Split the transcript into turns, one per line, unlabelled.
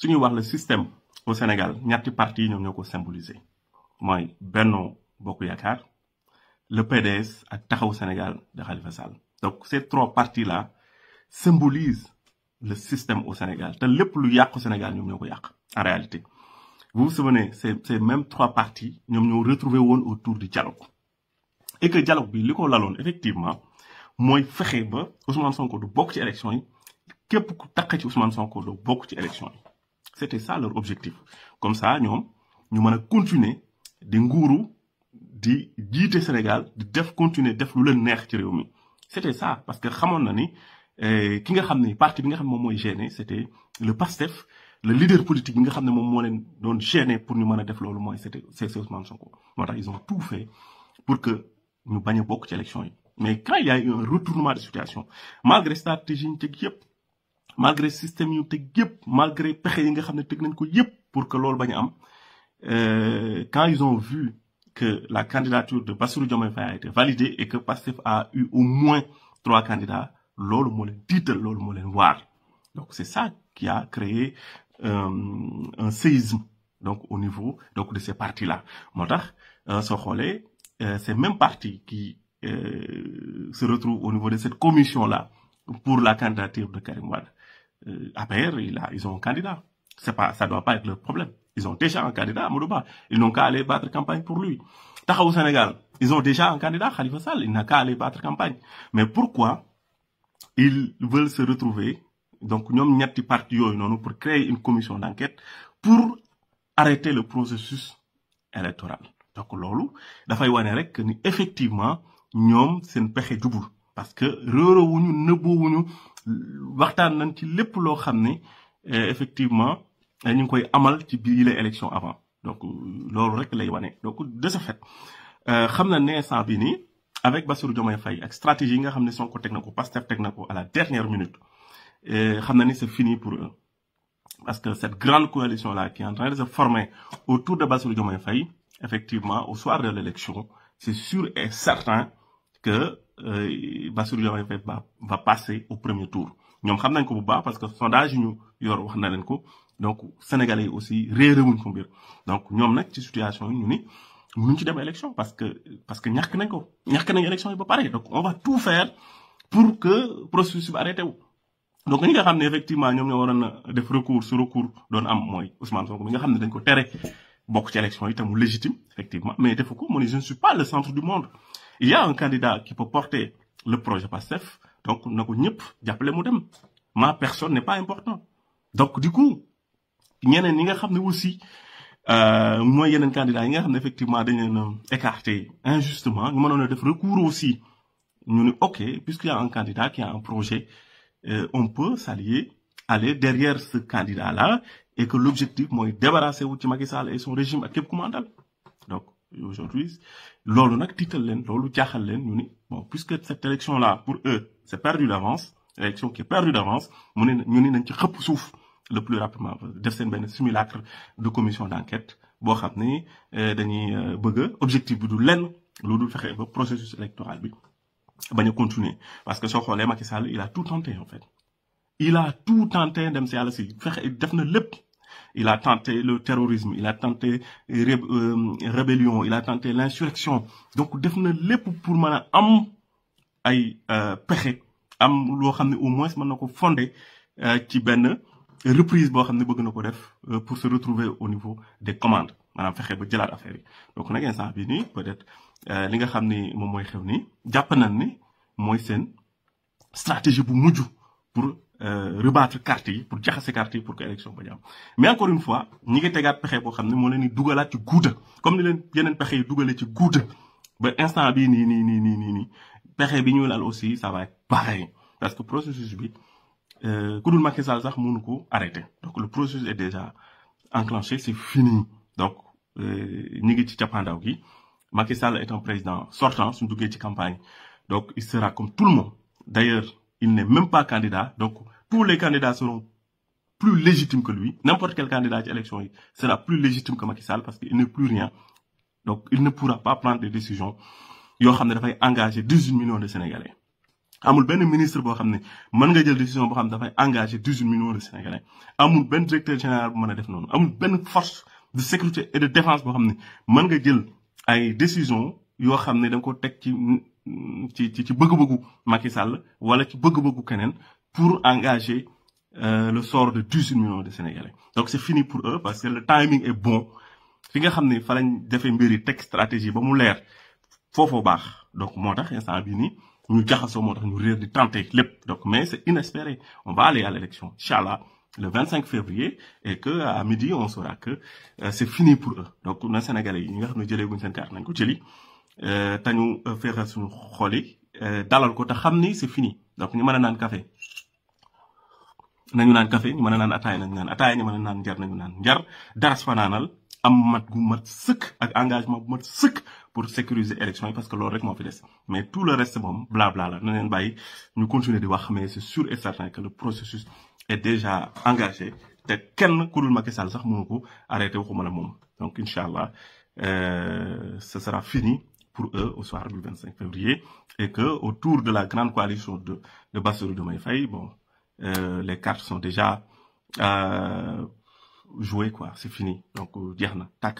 su ñuy wax le système au Sénégal ñetti parti nous ñoom ñoo Moi, symboliser mooy Benno le PDS ak au Sénégal de Khalifa Sall donc ces trois parties là symbolisent le système au Sénégal te lépp lu au Sénégal nous ñoo ko en réalité vous vous souvenez ces ces mêmes trois partis nous ñoo retrouvé woon autour du dialogue et que dialogue bi li ko laloon effectivement moi fexe ba Ousmane Sonko du bokk ci élection yi képp ku taq ci Ousmane Sonko du bokk ci élection c'était ça leur objectif comme ça nous, nous mën a continuer di des di Sénégal di continuer de faire le nerf ci c'était ça parce que xamoon na ni eh, ki nga parti qui nga gêné c'était le PASTEF le leader politique qui nga gêné pour nous faire. def c'était c'est Ousmane Sonko ils ont tout fait pour que nous bañ beaucoup d'élections. ci mais quand il y a eu un retournement de situation malgré stratégie malgré système malgré pexe yi nga ko pour que lool bañ am euh, quand ils ont vu que la candidature de Bassirou Diomaye a été validée et que Pastef a eu au moins trois candidats loolu mo leen tiital loolu mo donc c'est ça qui a créé euh, un séisme donc au niveau donc de ces partis là moo euh, so xolé euh, ces mêmes partis qui euh, se retrouvent au niveau de cette commission là pour la candidature de Karim Wade euh, Après, ils ont un candidat. C'est pas, ça doit pas être leur problème. Ils ont déjà un candidat à Ils n'ont qu'à aller battre campagne pour lui. au Sénégal, ils ont déjà un candidat, Khalifa Sall. Il n'a qu'à aller battre campagne. Mais pourquoi ils veulent se retrouver donc nous ñetti parti pour créer une commission d'enquête pour arrêter le processus électoral donc là, dafay wane rek que effectivement ñoom seen un double. parce que un nëbboowuñu waxtaan nañ ci lépp loo xam ne euh, effectivement euh, ñu ngi koy amal ci bi la élection avant donc euh, loolu rek lay wane donc de ce fait xam na ne instant bi nii avec Bassirou Diomaye Faye ak stratégie yi nga xam ne Sonko teg na ko à la dernière minute xam na ni c'est fini pour eux parce que cette grande coalition là qui est en train de se former autour de Bassirou Diomaye Faye effectivement au soir de l'élection c'est sûr et certain que euh, Bassirou Diomaye Faye va passer au premier tour Nous xam nañ ko bu parce que sondage nous ñu yor wax na ko donc sénégalais aussi réerewuñ ko mbir donc ñoom nag ci situation où ñu ni mënuñ ci élection parce que parce que ñàkk nañ ko ñàkk nañ élection yi ba donc on va tout faire pour que processus bi arrêté donc nous nga effectivement ñoom ñoo waroon def recours su recours don am moy Ousmane Sonko mi nga xam dañ ko tere bokk ci élection légitime effectivement mais il ko que je ne suis pas le centre du monde il y a un candidat qui peut porter le projet PASSEF, donc nous ko ñëpp jàppale mu dem ma personne n'est pas important donc du coup ñeneen ñi nga xam aussi, aussi euh, mooy yeneen candidat, yi nga qui, effectivement a écarté injustement Nous, mënoon a def recours aussi Nous, ni ok puisqu'il y a un candidat qui a un projet euh, on peut s'allier aller derrière ce candidat là et que l'objectif moi, débarrasser wu ci Macky et son régime à képp donc aujourd'hui loolu nak tiital leen loolu jaaxal leen ñu ni bon puisque cette élection là pour eux c'est perdu d'avance élection qui est perdue d'avance nous ne ñu ni nañ ci le plus rapidement def seen benn simulacre de commission d'enquête boo xam ni euh, dañuy euh, bëgg objectif du lenn loolu faire fexe ba processus électoral bi bañ continuer parce que ce xoolee Macky Sall il a tout tenté en fait il a tout tenté dem si yàlla si fexe def na il a tenté le terrorisme, il a tenté la euh, euh, rébellion, il a tenté l'insurrection. Donc def les pour a am ay euh, au moins fondé ci reprise pour se retrouver au niveau des commandes ba affaire donc peut-être stratégie pour euh, rebattre carte yi pour jaxase carte yi pour que élection ba ñu mais encore une fois ñi ngi tegaat pexé bo xamné mo moo leen di dugalaat ci goudé comme ni leen yenen pexé yi dugalee ci goudé ba instant bi ni ni ni ni ni nii bi ñu lal aussi ça va être pareil parce que processus bi euh dul Macky Sall sax mënu ko arrêté donc le processus est déjà enclenché c'est fini donc euh, ñi ngi ci cappaandaw gi Macky Sall est un président sortant suñu duggee ci campagne donc il sera comme tout le monde d'ailleurs il n'est même pas candidat donc tous les candidats seront plus légitimes que lui n'importe quel candidat ci élection sera plus légitime que Macky Sall parce qu'il n'est plus rien donc il ne pourra pas prendre des décisions Il xam ne engager 18 millions de sénégalais amul ben ministre bo xamné man nga jël décision bo xam da fay engager 18 millions de sénégalais amul un directeur général bo mën def non amul une force de sécurité et de défense qui xamné man des nga jël ay décisions Il xamné ne da ko tek ci ci ci ci bëgg-bëggu Macky Sall wala ci bëgg-bëggu keneen pour engager euh, le sort de 18 millions de Sénégalais donc c'est fini pour eux parce que le timing est bon fi nga xam ne fa lañ defee mbir yi teg stratégie ba mu leer foofoo baax donc moo tax instant bii nii ñu jaxasoo moo tax ñu réer di tenter lépp donc mais c'est inespéré on va aller à l'élection inchallah le 25 février et que à midi on saura que euh, c'est fini pour eux donc na Sénégalais yi ñi nga xam ne jëlee guñ seen carte nañ ko jëli euh, te ñu fexe suñu xol yi euh, dalal ko te xam ni c'est fini donc ñu mën a naan café nañu naan café ñu mën a naan ataay nañu naan ataay ñu mën a naan njar nañu naan njar daras fanaanal am mat bu mat sëkk ak engagement bu mat sëkk pour sécuriser élection yi parce que loolu rek moo fi des mais tout le reste moom blabla la na leen bàyyi ñu continuer di wax mais c'est sûr et certain que le processus est déjà engagé te kenn ku dul Macky Sall sax mënu ko arrêté waxuma la moom donc incha allah euh, ce sera fini pour eux au soir du 25 février et que autour de la grande coalition de, de Bassirou de Maïfaï, bon, euh, les cartes sont déjà euh, jouées, quoi, c'est fini. Donc, diarna euh, tac,